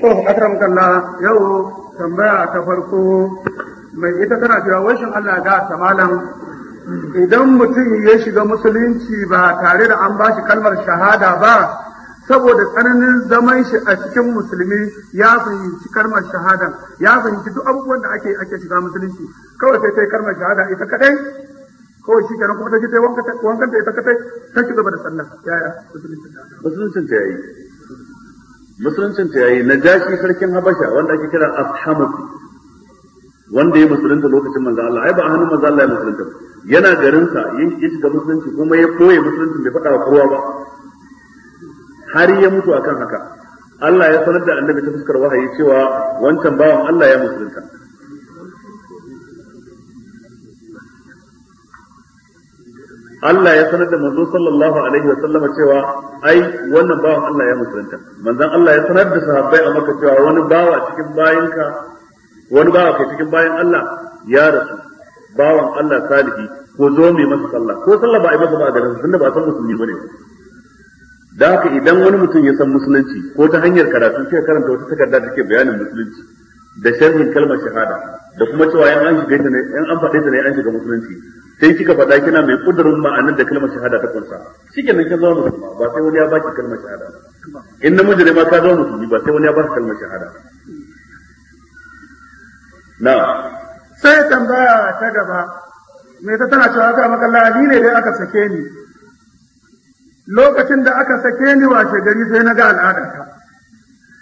To, akram kalla yau tambaya ta farko mai ita tana cewa shin Allah ga ta malam idan mutum ya shiga musulunci ba tare da an bashi kalmar shahada ba saboda tsananin zaman shi a cikin musulmi ya fahimci kalmar shahada ya fahimci duk abubuwan da ake ake shiga musulunci kawai sai kai kalmar shahada ita kadai kawai shi kenan kuma ta ji ta wankan ta ita kadai ta ci gaba da sallah yaya musulunci ta yi musuluncin ta yayi jashi sarkin habasha wanda ake kira ashamusi wanda ya musulunta lokacin manzo Allah ai ba a hannun manzo Allah ya musulunta yana garinsa shi ga musulunci kuma ya koye musuluncin bai faɗawa wa kowa ba har ya mutu akan haka Allah ya sanar da annabi ta fuskar wahayi cewa wancan bawan Allah ya musulunta Allah ya sanar da manzo sallallahu alaihi wa sallam cewa ai wannan bawan Allah ya musulunta manzon Allah ya sanar da sahabbai a maka cewa wani bawa cikin bayinka wani bawa kai cikin bayin Allah ya rasu bawan Allah salihi ko zo mai masa sallah ko sallah ba a yi masa ba a garin tunda ba a san musulmi bane da haka idan wani mutum ya san musulunci ko ta hanyar karatu ke karanta wata takarda take bayanin musulunci da sharhin kalmar shahada da kuma cewa yan an shiga ta ne yan an faɗe ta ne an shiga musulunci sai kika faɗa kina mai kudurin ma'anar da kalmar shahada ta kunsa nan kin zama musulma ba sai wani ya baki kalmar shahada in na ne ma ka zama musulmi ba sai wani ya baki kalmar shahada na sai tambaya ta gaba Me ta tana cewa aka makalla ni ne dai aka sake ni lokacin da aka sake ni washe gari sai na ga al'adarka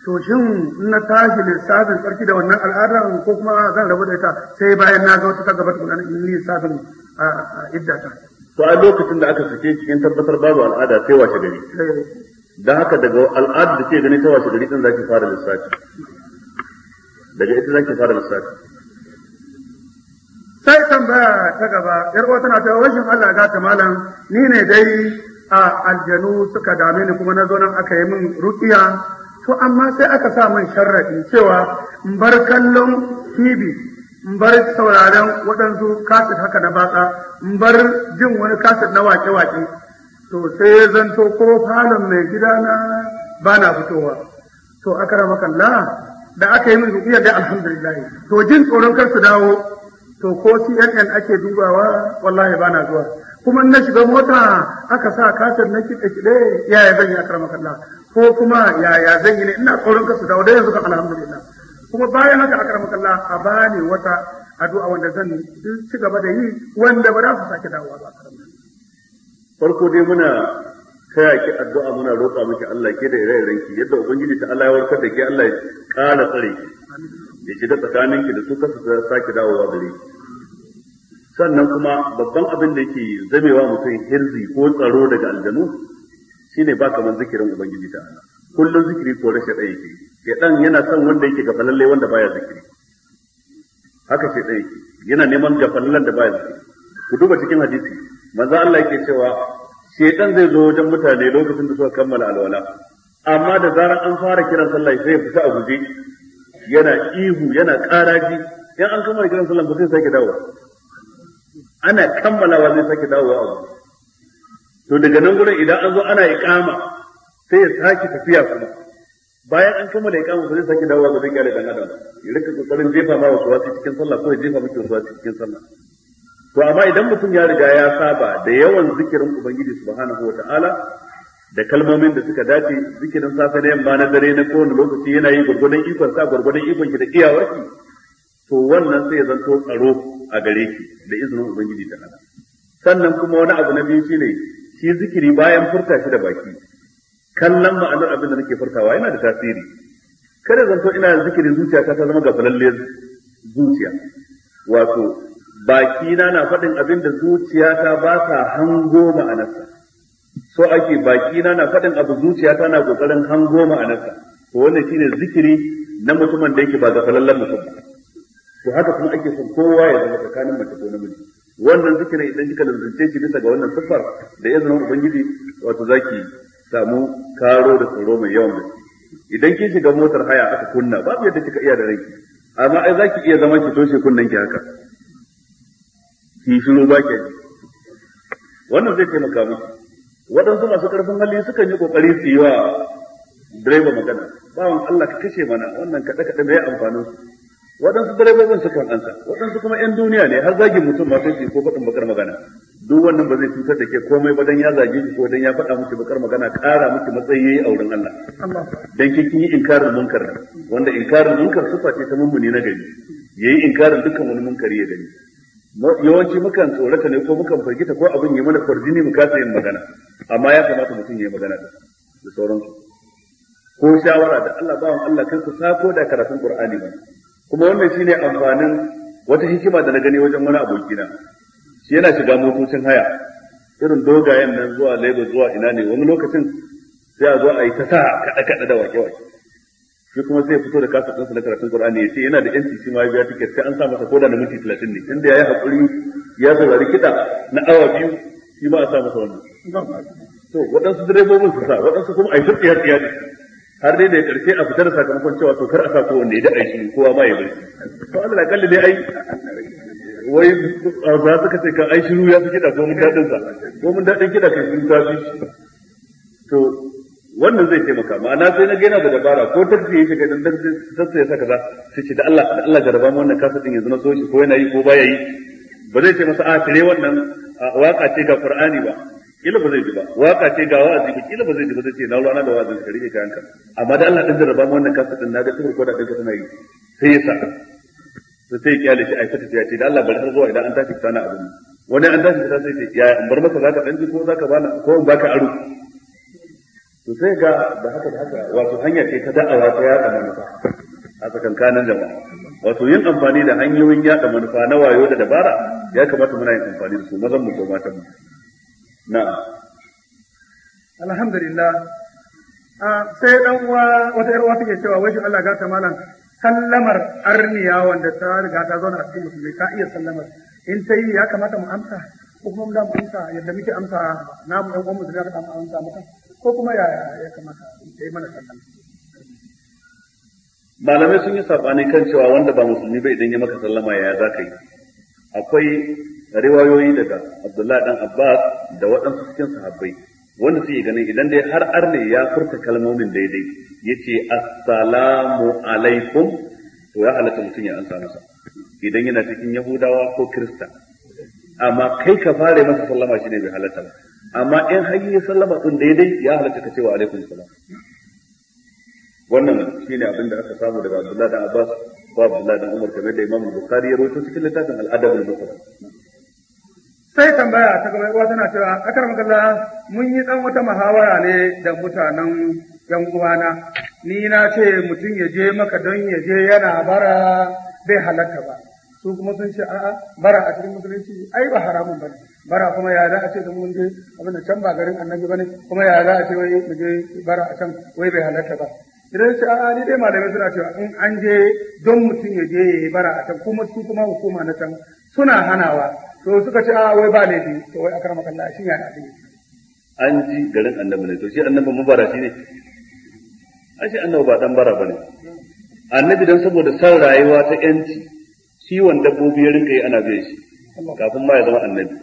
to shin na tashi lissafin tsarki da wannan al'ada ko kuma zan rabu da ita sai bayan na ga wata ta gaba tukuna in lissafin iddata to a lokacin da aka sake cikin tabbatar babu al'ada sai washe gari da haka daga al'ada da ke gani ta washe gari din zaki fara lissafi daga ita zaki fara lissafi sai tambaya ta gaba yar uwa tana ta washin Allah ga ta malam ni ne dai a aljanu suka dame ni kuma na zo nan aka yi min rukiya to amma sai aka sa min sharraɗi cewa in bar kallon TV in bar sauraron waɗansu kaset haka na batsa in bar jin wani kaset na wake-wake to sai ya zanto ko falon mai gida na ba na fitowa to aka rama kalla da aka yi min ruƙiyar da alhamdulillah to jin tsoron kar su dawo to ko CNN ake dubawa wallahi ba na zuwa kuma na shiga mota aka sa kasar na kiɗe-kiɗe yaya zan yi akar makalla ko kuma yaya zan yi ne ina tsoron kasu dawo da yanzu ka alhamdulillah kuma bayan haka akara kalla a bani wata addu'a wanda zan ci gaba da yi wanda ba za su sake dawowa ba farko dai muna kaya ki addu'a muna roƙa miki Allah ke da ire-iren ki yadda ubangiji ta Allah ya warkar da ke Allah ya ƙara tsare ki ya ci da tsakanin ki da su kasu sake dawowa gare ki sannan kuma babban abin da yake zamewa mutum hirzi ko tsaro daga aljanu shine ba kaman zikirin ubangiji ta Allah kullun zikiri ko rashin ɗaya yake shedan yana son wanda yake gafalalle wanda baya zikiri haka shedan yake yana neman gafalallen da baya zikiri ku duba cikin hadisi manzo Allah yake cewa shedan zai zo wajen mutane lokacin da suka kammala alwala amma da zarar an fara kiran sallah sai fita a guje yana ihu yana karaji in an kammala kiran sallah ba sai sake dawo ana kammalawa zai sake dawowa a guje to daga nan gurin idan an zo ana iqama sai ya sake tafiya kuma bayan an kammala iqama sai sake dawowa ga dinga da dan adam ya rika kokarin jefa ma wasu wasu cikin sallah ko ya jefa miki wasu wasu cikin sallah to amma idan mutum ya riga ya saba da yawan zikirin ubangiji subhanahu wataala da kalmomin da suka dace zikirin safe da yamma na dare na kowane lokaci yana yi gurgudan ikon sa gurgudan ikon ki da iyawarki to wannan sai ya zanto tsaro a gare ki da izinin ubangiji ta sannan kuma wani abu na biyu shine shi zikiri bayan furta shi da baki kallon ma'anar abin da nake furtawa yana da tasiri kada zanto ina zikirin zuciya ta zama gafalalle zuciya wato baki na na faɗin abin da zuciya ta ba ta hango ma'anarsa so ake baki na na faɗin abu zuciya ta na ƙoƙarin hango ma'anarsa to wannan shine zikiri na mutumin da yake ba gafalallen mutum ba to haka kuma ake son kowa ya zama tsakanin mace ko namiji wannan zikirin idan kika lantance shi bisa ga wannan siffar da izinin ubangiji wato zaki samu karo da tsoro mai yawan gaske idan kin shiga motar haya aka kunna babu yadda kika iya da ranki amma ai zaki iya zama ki toshe kunnan ki haka ki shiru ba ke. wannan zai taimaka mutu. waɗansu masu ƙarfin hali sukan yi ƙoƙari su yi wa direba magana bawan Allah ka kashe mana wannan kaɗe-kaɗe bai amfanin su waɗansu direbobin kan ansa waɗansu kuma 'yan duniya ne har zagin mutum ma sai ko faɗin bakar magana duk wannan ba zai cutar da ke komai ba dan ya zage ki ko dan ya faɗa miki bakar magana ƙara miki matsayi yayi a wurin Allah dan ki kin yi inkarin munkar wanda inkarin munkar sufa ce ta mummuni na gari yayi inkarin dukkan wani munkari ya gani yawanci mukan tsorata ne ko mukan fargita ko abin ya mana kwarjini mu kasa yin magana amma ya kamata mutum ya yi magana da sauransu ko shawara da Allah bawan Allah kansa sako da karatun Qur'ani ba kuma wannan shine amfanin wata hikima da na gani wajen wani abokina shi yana shiga motocin haya irin dogayen nan zuwa Lagos zuwa ina ne wani lokacin sai a zo a yi ta sa kada kada da wake wake shi kuma sai fito da kasa ɗansa na karatun Qur'ani ya ce yana da yanci shi ma ya biya tiket sai an sa masa koda na minti 30 ne inda yayi hakuri ya saurari kiɗa na awa biyu shi ma a sa masa wannan to waɗansu direbobin su sa waɗansu kuma a yi tsiya tsiya ne har dai da karshe a fitar sakamakon cewa to kar a sa kowanne ya daɗa shi kowa ma ya bari to Allah kalli dai ai wai za su ka ce ka ai shiru ya fi da ko mun dadin sa ko mun daɗin kida ka shiru ta fi to wannan zai taimaka ma'ana sai na ga yana da dabara ko tafi yake shiga dan taksi ya saka za su ce da Allah da Allah jaraba mu wannan kasa yanzu na so shi ko yana yi ko baya yi ba zai ce masa a tare wannan waka ce ga Qur'ani ba kila ba zai ji ba waka ce ga wa'azi ba kila ba zai ji ba zai ce na ruwana da wa'azi ka rike kayanka amma da Allah din da mu wannan kasa din naga ko da din ka tana yi sai ya sa sai sai kiyale shi ai fata ce da Allah bari har zuwa idan an tashi sana abin wani an tashi sana sai ce ya an bar maka zaka danji ko zaka bana ko baka aro to sai ga da haka da haka wato hanya ce ta da'awa ta yaɗa manufa a tsakankanin jama'a wato yin amfani da hanyoyin yaɗa manufa na wayo da dabara ya kamata muna yin amfani da su mazan mu ko matan mu na'am alhamdulillah ah, sai dan uwa wata yar uwa take cewa wai shi Allah ga ta malam sallamar arniya wanda ta riga ta zauna a cikin musulmi ta iya sallamar in ta yi ya kamata mu amsa ko kuma mu da mu amsa yadda muke amsa na mu ɗan uwan musulmi ta mu amsa maka ko kuma ya ya kamata ta yi mana sallama malamai sun yi sabani kan cewa wanda ba musulmi ba idan ya maka sallama ya za ka yi akwai riwayoyi daga Abdullahi dan Abbas da waɗansu cikin sahabbai wanda suke ganin idan dai har arne ya furta kalmomin daidai yace assalamu alaikum to ya halatta mutum ya ansa masa idan yana cikin Yahudawa ko Kirista amma kai ka fare masa sallama ne bai halatta ba amma in har yi sallama din daidai ya halatta ka cewa alaikum salam wannan shine abin da aka samu daga Abdullahi dan Abbas ko Abdullahi dan Umar kamar da Imam Bukhari ya rawaito cikin littafin al-Adab al-Mufrad sai tambaya ta gaba uwa tana cewa akar makalla mun yi dan wata muhawara ne da mutanen yan uwana ni na ce mutum ya je maka don ya je yana bara bai halaka ba su kuma sun ce a'a bara a cikin musulunci ai ba haramun bane bara kuma ya za a ce da mun je abin da can ba garin annabi bane kuma ya za a ce wai mu je bara a can wai bai halaka ba idan ce a ni dai malamai suna cewa in an je don mutum ya je ya yi bara a can kuma su kuma hukuma na can suna hanawa to suka ce a wai ba laifi to wai akrama kalla shi ya na an ji garin annabi ne to shi annabi bara shi ne shi annabi ba dan bara bane annabi dan saboda san rayuwa ta yanci ciwon dabbobi ya rinka yi ana biyan shi kafin ma ya zama annabi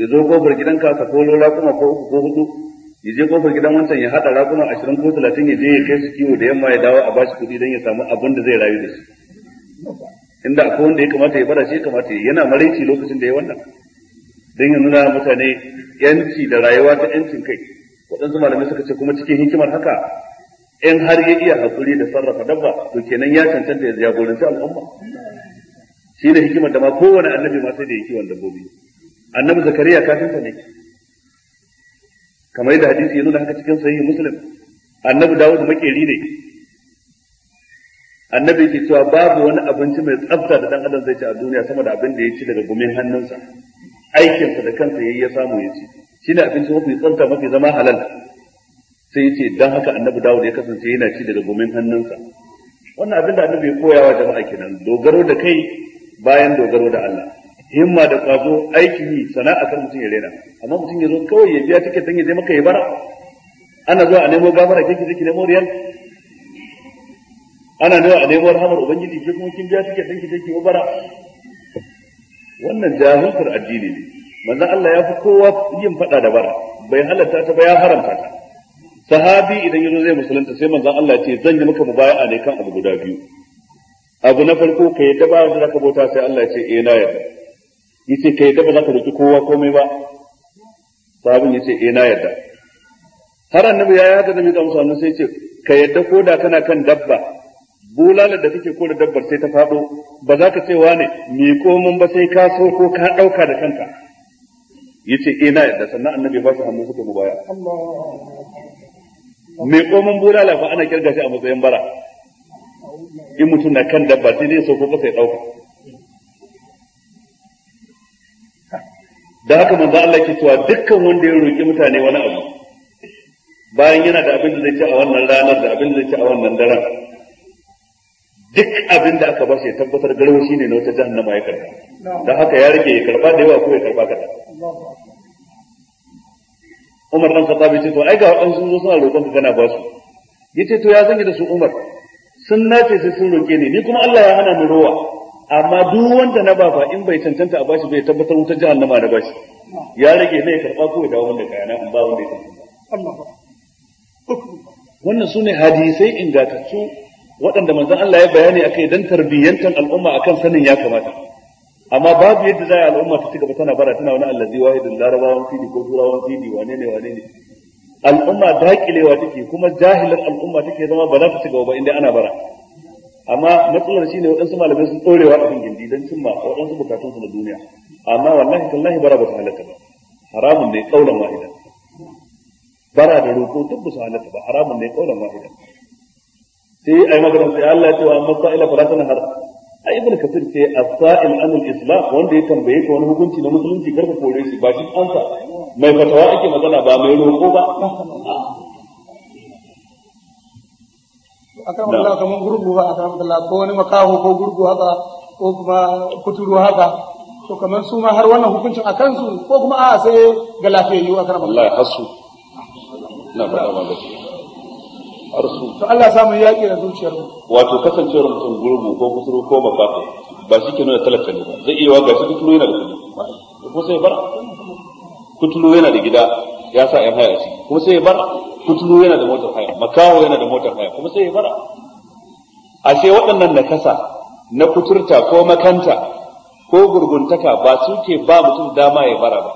ya zo gobar gidanka ka kolo kuma ko uku ko hudu ya je kofar gidan wancan ya hada raguna ashirin ko talatin ya je ya kai su kiwo da yamma ya dawo a bashi kuɗi don ya samu abin da zai rayu da su. inda akwai wanda ya kamata ya bara shi ya kamata yana maraici lokacin da ya wannan don ya nuna mutane yanci da rayuwa ta yancin kai waɗansu malamai suka ce kuma cikin hikimar haka in har ya iya haƙuri da sarrafa dabba to kenan ya cancanta ya jagoranci al'umma shi ne hikimar da ma kowane annabi ma sai da ya kiwon dabbobi annabi zakariya kafinta ne kamar yadda hadisi ya nuna haka cikin sahihi muslim annabi dawud makeri ne annabi ke cewa babu wani abinci mai tsafta da dan adam zai ci a duniya sama da abin da ya ci daga gumin hannunsa aikinsa da kansa yayi ya samu ya ci shine abinci mafi tsafta mafi zama halal sai yace dan haka annabi dawud ya kasance yana ci daga gumin hannunsa wannan abin da annabi ya koya wa jama'a kenan dogaro da kai bayan dogaro da Allah himma da kwazo aikin yi sana'a kan mutum ya rena amma mutum ya zo kawai ya biya tiket don ya zai maka ya bara ana zuwa a nemo gafara kike kike nemo riyal ana zuwa a nemo rahamar ubangiji ke kuma kin biya tiket ki kike kike bara wannan jahilkar addini ne manzon Allah ya fi kowa yin fada da bara bai halatta ta ba ya haramta ta sahabi idan yazo zai musulunta sai manzon Allah ce zan yi maka mubaya'a ne kan abu guda biyu abu na farko ka yadda ba da zaka bauta sai Allah ya ce eh na yadda yace kai da ba za ka riki kowa komai ba Sabin yace eh na yarda har annabi ya yarda da mai gamsu annabi sai yace ka yarda ko da kana kan dabba bulalar da kake kore dabbar sai ta faɗo ba za ka ce wane mi komun ba sai ka so ko ka ɗauka da kanka yace eh na yarda sannan annabi ba su hannu suka mubaya mai komun bulala ba ana kirga shi a matsayin bara in mutum na kan dabba sai ne so ko ba sai ɗauka da haka manzo Allah ke cewa dukkan wanda ya roki mutane wani abu bayan yana da abin da zai ci a wannan ranar da abin da zai ci a wannan daren duk abin da aka ba shi tabbatar tabbatar shi shine na wata jahannama ya karba Da haka ya rike ya karba da yawa ko ya karba kada Umar dan Khattab ce to ai ga an sun zo suna roƙon ka kana ba su yace to ya zanyi da su Umar sun nace sai sun roke ni ni kuma Allah ya hana mu rowa amma duk wanda na ba in bai cancanta a bashi bai tabbatar wutar jahannama da bashi ya rage ne ya karba ko ya dawo wanda kayana in ba wanda ya cancanta wannan su ne hadisai ingantattu waɗanda manzon Allah ya bayani kai don tarbiyyantar al'umma akan sanin ya kamata amma babu yadda za a yi al'umma ta cigaba tana bara tana wani allazi wahidin larabawan fidi ko turawan fidi wane ne wane ne al'umma daƙilewa take kuma jahilar al'umma take zama ba za ta cigaba ba inda ana bara amma matsalar shine waɗansu malamai sun ɗorewa a kan gindi don cimma waɗansu bukatunsu na duniya amma wallahi tallahi bara ba ta halatta ba haramun ne ƙaunar wahida bara da roƙo tabbata halatta ba haramun ne ƙaunar wahida sai ai magana sai Allah ya ce wa amma sa'ila fara tana har ai ibnu kasir ce as-sa'il an islam wanda ya tambaye ka wani hukunci na musulunci karka kore shi ba shi ansa mai fatawa ake magana ba mai roƙo ba akan Allah kamar gurgu ba akan Allah ko wani makaho ko gurgu haka ko kuma kuturu haka to kamar su ma har wannan hukuncin a kansu ko kuma a sai ga lafiyayyu a karamar Allah hasu na faɗa ma gaske harsu to Allah samu yaƙi da zuciyar mu wato kasancewar mutum gurgu ko kusuru ko makafa ba shi ke nuna talaka ne ba zai iya wa gashi kuturu yana da kuɗi ko sai bara kuturu yana da gida ya sa yan haya ciki kuma sai ya bara kuturu yana da motar haya makaho yana da motar haya kuma sai ya bara ashe waɗannan nakasa na kuturta ko makanta ko gurguntaka ba su ke ba mutum dama ya bara ba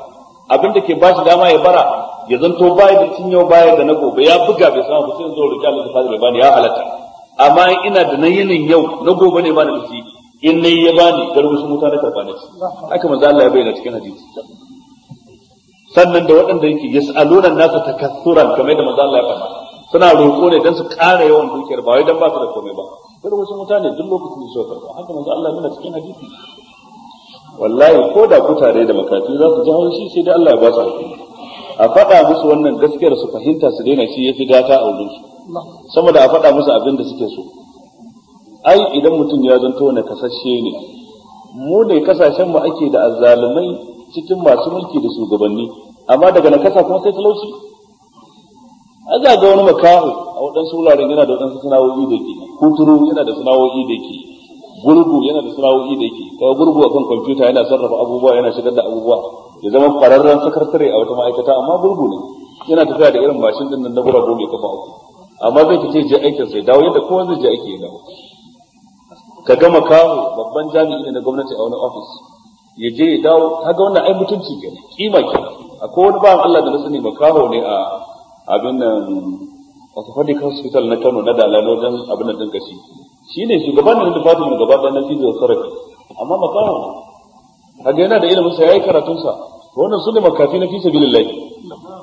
abin da ke ba shi dama ya bara ya zanto baya da yau baya da na gobe ya buga bai samu sai zo rike Allah ta ba bani ya halatta amma ina da na yinin yau na gobe ne ba ni in nayi ya bani garbu su mutane karba ci haka manzo Allah ya bayyana cikin hadisi sannan da waɗanda yake yas'aluna nasa takassuran kamar da manzo Allah ya faɗa suna roƙo ne don su ƙara yawan dukiyar ba wai don ba su da komai ba sai wasu mutane duk lokacin da su karɓa haka manzo Allah yana cikin hadisi wallahi ko da kutare da makafi za su ji haushi sai dai Allah ya ba su hakuri a faɗa musu wannan gaskiyar su fahimta su daina shi yafi gata a wurin su saboda a faɗa musu abin da suke so ai idan mutum ya zanto wani kasashe ne mu ne kasashen mu ake da azzalumai cikin masu mulki da shugabanni amma daga nakasa kuma sai talauci aga ga wani makaho a waɗansu wuraren yana da waɗansu sana'o'i da ke kuturu yana da sana'o'i da ke gurgu yana da sana'o'i da ke kawo gurgu akan kwamfuta yana sarrafa abubuwa yana shigar da abubuwa ya zama fararren sakatare a wata ma'aikata amma gurgu ne yana tafiya da irin mashin din nan na gurago mai kafa uku amma zai fice je aikin sai dawo yadda kowa zai je aiki ya dawo ka gama kawo babban jami'i ne na gwamnati a wani ofis ya je ya dawo ga wannan ai mutunci kenan kima kenan akwai wani ba'an Allah da na sani makaho ne a abin nan Orthopedic Hospital na Kano na Dalano wajen abin nan din kashi shi ne shugaban da department gaba ɗaya na physiotherapy amma makaho kaga yana da ilimin sa yayi karatun sa wannan ne makafi na fi bilillahi.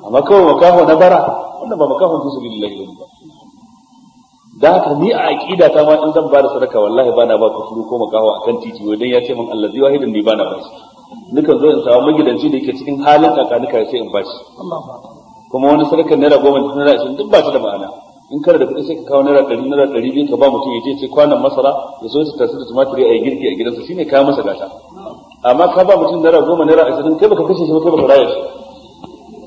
amma kawai makaho na bara wannan ba makahon fi bilillahi ba da haka ni a aqida ta ma in zan ba da sadaka wallahi bana ba kufuru ko makaho akan titi wai dan ya ce min Allah, zai wahidin ni bana ba shi nukan zo in samu magidanci da yake cikin halin kakanuka sai in bashi kuma wani sarkar naira goma da naira ashirin duk ba shi da ma'ana in kana da kuɗi sai ka kawo naira ɗari naira ɗari biyu ka ba mutum ya je ce kwanan masara ya so su tasiri da tumatiri a yi girki a gidansa shine kayan masa gata amma ka ba mutum naira goma naira ashirin kai baka kashe shi ba kai baka raya shi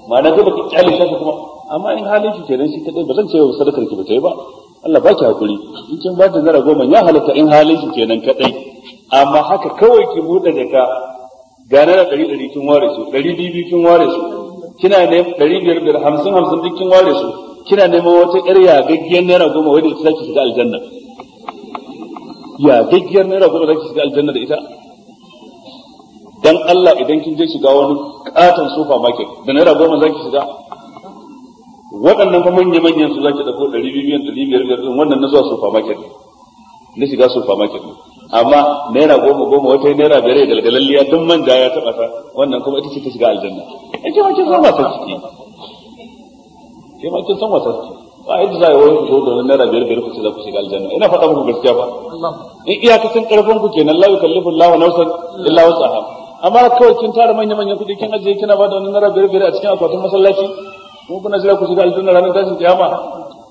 ma'ana kai baka kyale shi kuma amma in halin shi kenan shi kaɗai ba zan ce sadakar ki ba ta yi ba Allah ki hakuri in kin ba ta naira goma ya halatta in halin shi kenan kadai amma haka kawai ki buɗe jaka ga naira ɗari ɗari kin ware su ɗari biyu kin ware su kina ne ɗari biyar biyar hamsin hamsin duk kin ware su kina neman wata ƴar ya yagaggiyar naira goma wadda ita zaki shiga aljanna Ya yagaggiyar naira goma zaki shiga aljanna da ita dan Allah idan kin je shiga wani katon supermarket da naira goma zaki shiga waɗannan fa manya manyan su zaki dauko ɗari biyu ɗari biyar biyar wannan na zuwa supermarket ne na shiga supermarket ne amma naira goma goma wata naira biyar galgalalliya duk manja ya taba ta wannan kuma ita ce ta shiga aljanna in eh, ke ma kin san wasa ciki ke ma kin san wasa ciki ba yadda za a yi wani fito da naira biyar biyar ku ce za ku shiga aljanna ina faɗa muku gaskiya ba in iyakacin karfin ku kenan la lawa Allahu nafsan illa wus'aha amma kawai kin tara manya manyan kuɗi kin ajiye kina ba da wani naira biyar biyar a cikin akwatin masallaci mun kuna jira ku shiga aljanna ranar tashin kiyama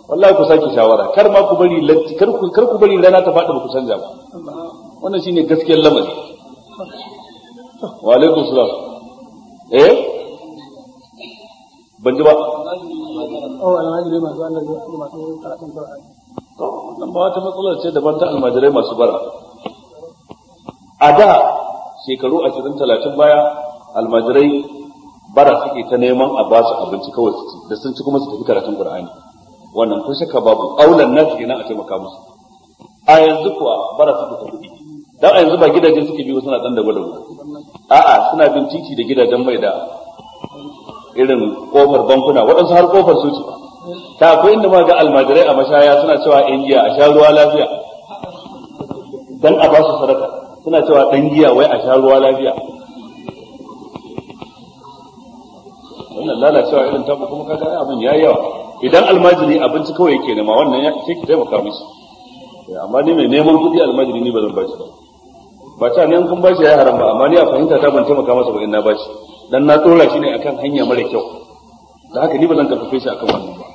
wallahi ku sake shawara kar ma ku bari kar ku kar ku bari rana ta faɗi ba ku canza ba wannan shine gaskiyar lamari wa alaikum salam eh ban ji ba oh almajirai masu almajirai masu karatun qur'ani to nan ba wata matsala ce daban ta almajirai masu bara a da shekaru 20 30 baya almajirai bara suke ta neman a basu abinci kawai da sun ci kuma su tafi karatun qur'ani wannan kun shakka babu aulan nasu nan a taimaka musu a yanzu kuwa bara su ta kuɗi dan a yanzu ba gidajen suke biyu suna dan da gwada a'a suna bin titi da gidajen mai da irin kofar bankuna waɗansu har kofar su ce ta akwai inda ma ga almajirai a mashaya suna cewa yan giya a sha ruwa lafiya dan a ba su sadaka suna cewa dan giya wai a sha ruwa lafiya wannan lalacewa irin tabu kuma kaga abin yayi yawa idan almajiri abinci kawai yake nema wannan ya ce ki taimaka musu eh, amma ni mai neman kuɗi almajiri ni ba zan bashi ba ba ta ne kun bashi ya haram ba amma ni a fahimta ta ban taimaka masa ba in na bashi dan na tsora shi ne akan hanya mara kyau da haka ni ba zan karfafe shi akan wannan ba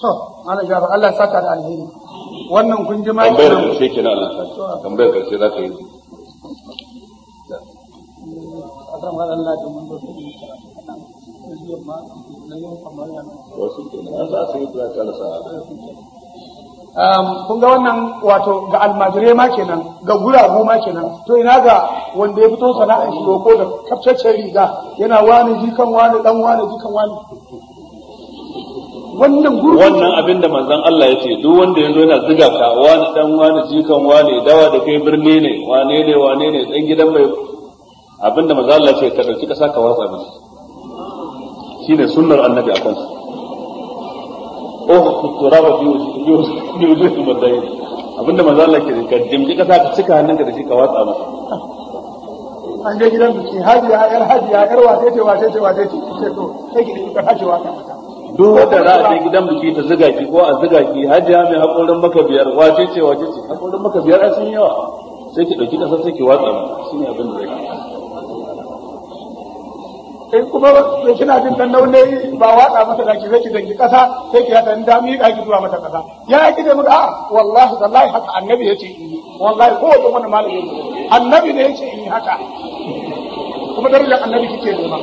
to ana jabar Allah ya saka da alheri wannan kun ji mai tambayar karshe kina Allah ya saka tambayar karshe zaka yi Um, kun ga wannan wato ga almajire ma kenan ga gurabu ma kenan to ina ga wanda ya fito sana'a shi ko da kaftaccen riga yana wani jikan wani dan wani jikan wani wannan gurbi wannan abin da manzon Allah ya ce duk wanda zo yana ziga ka wani dan wani jikan wani dawa da kai birni ne wane ne wane ne dan gidan mai abin da manzon Allah ya ce ka dauki kasa ka watsa masa shine sunnar annabi a kansu oh turaba biyu biyu biyu madai abinda manzo Allah ke ka dimji kasa ka cika ka da shi ka watsa masa an je gidan biki ya yar ya yar wace ce wace ce wace ce ce to sai ki ka haji wa duk wanda za a je gidan biki ta ziga ki ko a ziga ki hajiya mai hakorin maka biyar wace ce wace ce hakorin maka biyar a sun yawa sai ki dauki kasa sai ki watsa masa shine abin da zai sai kuma sai kina jin dan naune ba watsa masa daki sai ki kasa sai ki hada da mi daki zuwa mata kasa ya ki da mu a ah, wallahi wallahi haka annabi yace in yi wallahi ko wajen wani malami annabi ne yace in yi haka kuma darajar annabi kike nema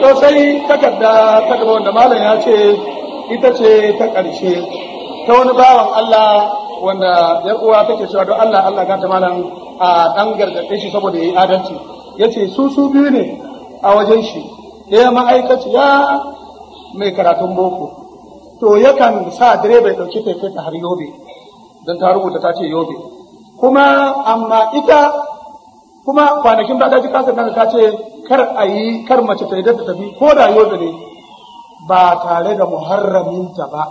to sai takarda ta gaba wanda malam ya ce ita ce ta ƙarshe ta wani bawan Allah wanda ya uwa take cewa don Allah Allah ga ta malam a dan gargaɗe shi saboda yi adalci Ya ce su su biyu ne a wajen shi ɗaya ma'aikaciya mai karatun boko to yakan sa direba ya ɗauki kai ta har yobe don ta rubuta ta ce yobe kuma amma ita kuma kwanakin ba daji kasar nan ta ce kar a yi kar mace ta yadda ta tafi ko da yobe ne ba tare da muharraminta ba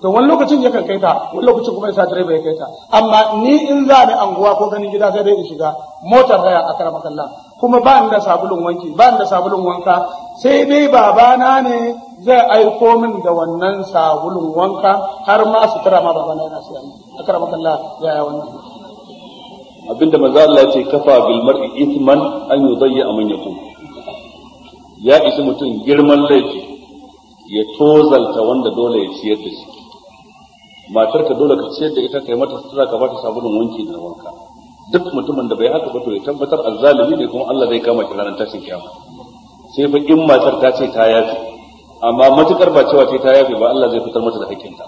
to wani lokacin yakan kai ta wani lokacin kuma yasa direba ya kai ta amma ni in za ni anguwa ko ganin gida zai dai in shiga motar haya a karamakan kuma ba ni da sabulun wanki ba ni da sabulun wanka sai dai babana ne zai aiko min da wannan sabulun wanka har ma sutura ma babana yana siya min akrama Allah ya ya wannan abinda manzo Allah ya ce kafa bil mar'i ithman an yudayya man yakum ya isa mutum girman laifi ya tozalta wanda dole ya ciyar da shi matarka dole ka ciyar da ita kai mata sutura ka bata sabulun wanki da wanka duk mutumin da bai haka ba to ya tabbatar azzalimi ne kuma Allah zai kama shi ranar tashin kiyama sai fa in matar ta ce ta yafi amma matukar ba cewa ce ta yafe ba Allah zai fitar mata da hakkin ta,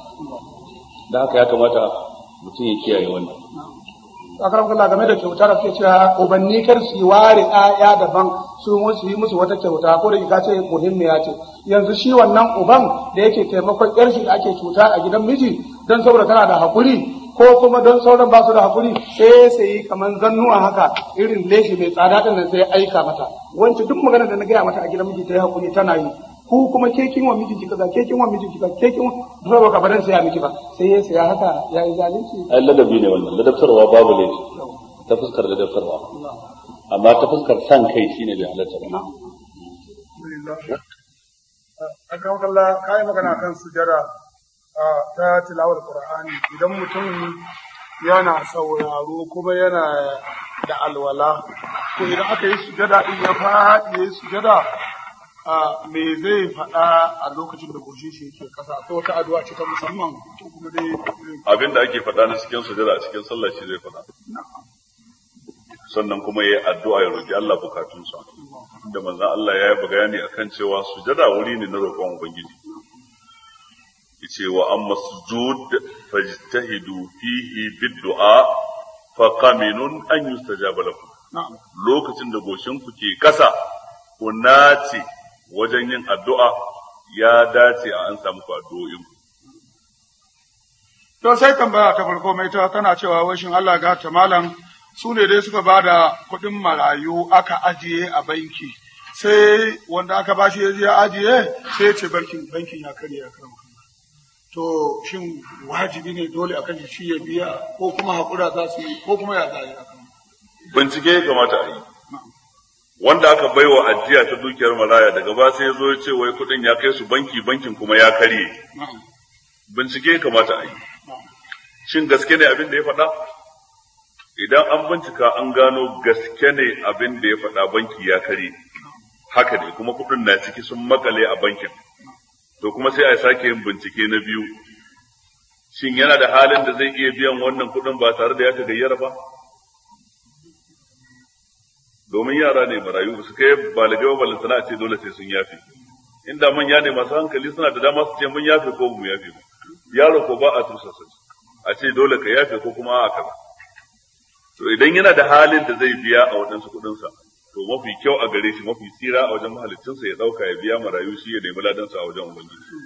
dan haka ya kamata mutum ya kiyaye wannan akaram kula game da kyauta da ke cewa ubanni kar su ware ɗaya daban su musu yi musu wata kyauta ko da ka ce muhimmiya ce yanzu shi wannan uban da yake taimakon yar shi da ake cuta a gidan miji don saboda tana da hakuri ko kuma don sauran ba su da hakuri sai sai kamar zannuwa haka irin leshi mai tsada din nan sai aika mata wancan duk magana da na gaya mata a gidan miji ta yi hakuri tana yi ku kuma ke kin wa miji kaza ke kin wa miji kaza ke kin ba ba ka sai saya miki ba sai ya saya haka ya yi zalunci ai ladabi ne wannan ladabtarwa babu ne ta fuskar ladabtarwa amma ta fuskar san kai shine bai halatta ba alhamdulillah akan kalla kai magana kan sujara ta tilawar Qur'ani idan mutum yana sauraro kuma yana da alwala ko idan aka yi sujada in ya faɗi ya sujada me zai faɗa a lokacin da goshin shi yake kasa ko wata addu'a ce ta musamman ko kuma dai abin da ake faɗa na cikin sujada a cikin sallah shi zai faɗa sannan kuma ya yi addu'a ya roƙi Allah bukatunsa da manzon Allah ya yi bayani akan cewa sujada wuri ne na roƙon ubangiji cewa amma sujud fajtahidu fihi bid'a fa qaminun an yustajaba lakum lokacin da goshin ku ke kasa ku wajen yin addu'a ya dace a an samu ku addu'o'in to sai tambaya ta farko mai ta tana cewa shin Allah ga ta malam su ne dai suka bada kuɗin marayu aka ajiye a banki sai wanda aka bashi ya ajiye sai ya ce bankin bankin ya karye kan to shin wajibi ne dole akan kashe shi ya biya ko kuma haƙura za su yi ko kuma ya za yi akan bincike ya kamata a yi wanda aka baiwa ajiya ta dukiyar malaya daga ba sai ya zo ce wai kuɗin ya kai su banki bankin kuma ya karye bincike ya kamata a yi shin gaske ne abin da ya faɗa idan an bincika an gano gaske ne abin da ya faɗa banki ya karye haka ne kuma kuɗin na ciki sun makale a bankin to kuma sai a sake yin bincike na biyu shin yana da halin da zai iya biyan wannan kuɗin ba tare da ya ta gayyara ba domin yara ne marayu su kai balagai ba a ce dole sai sun yafe inda manya ne masu hankali suna da dama su ce mun yafe ko mu yafe ba yaro ko ba a tursa su a ce dole ka yafe ko kuma a kaza to idan yana da halin da zai biya a waɗansu kuɗinsa to mafi kyau a gare shi mafi tsira a wajen mahalicinsa ya dauka ya biya marayu shi ya nemi ladansa a wajen ubangiji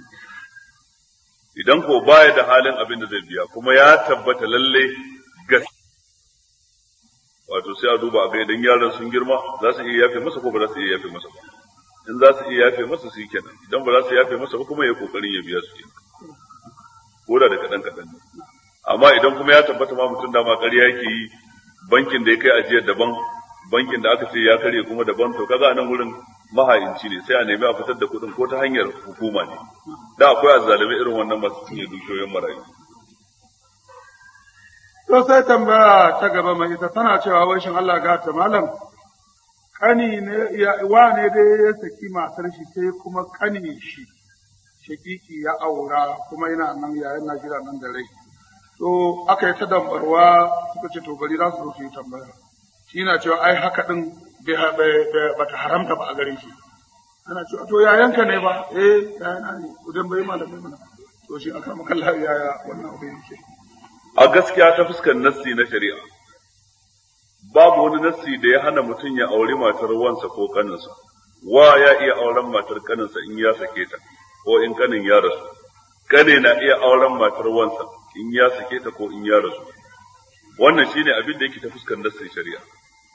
idan ko baya da halin abin da zai biya kuma ya tabbata lalle gas wato sai a duba a ga idan yaran sun girma za su iya yafe masa ko ba za su iya yafe masa ba in za su iya yafe masa su kenan idan ba za su yafe masa ba kuma ya kokarin ya biya su kenan ko da kaɗan kadan ne amma idan kuma ya tabbata ma mutum da ma ƙarya yake yi bankin da ya kai ajiyar daban bankin da aka ce ya karye kuma daban to kaga nan wurin mahayinci ne sai a nemi a fitar da kuɗin ko ta hanyar hukuma ne da akwai azzalumai irin wannan masu cinye dukiyoyin marayu to sai tambaya ta gaba mai ita tana cewa wai shin Allah ga ta malam kani ne ya wa ne dai ya saki matar shi sai kuma kani shi shakiki ya aura kuma yana nan yayin jira nan da rai to aka yi ta dambarwa suka ce to bari za su zo su yi tambaya shi na cewa ai haka din ba ta haramta ba a gare shi ana cewa to ka ne ba eh yayan ne idan bai malamai mana to shi aka maka Allah yaya wannan abin yake a gaskiya ta fuskar nassi na shari'a babu wani nassi da ya hana mutum ya auri matar wansa ko kaninsa wa ya iya auren matar kaninsa in ya sake ta ko in kanin ya rasu kane na iya auren matar wansa in ya sake ta ko in ya rasu wannan shine abin da yake ta fuskar nassin shari'a